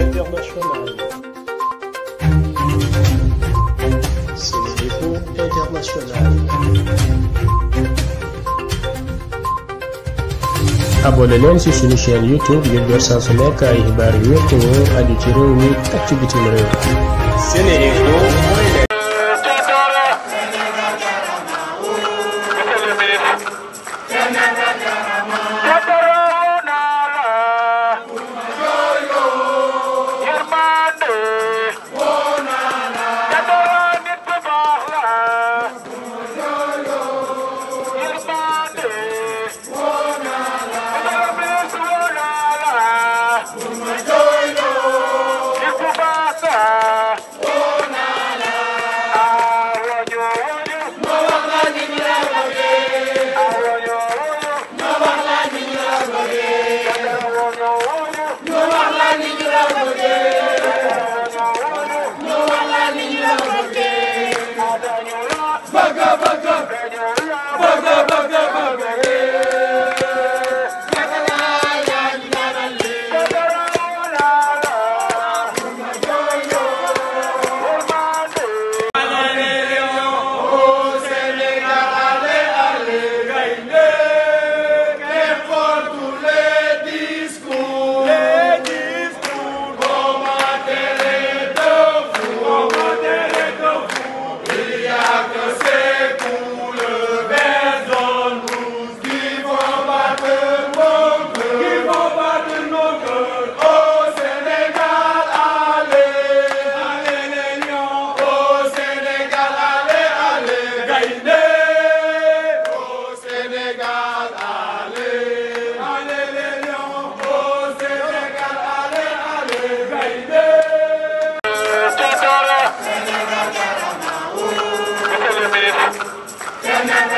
internationale. C'est l'info internationale. abonné leen ci suñu chaîne YouTube ngir jot saa su nekk ay xibaar yu wér te wóor aju ci réew mi ak ci bitim na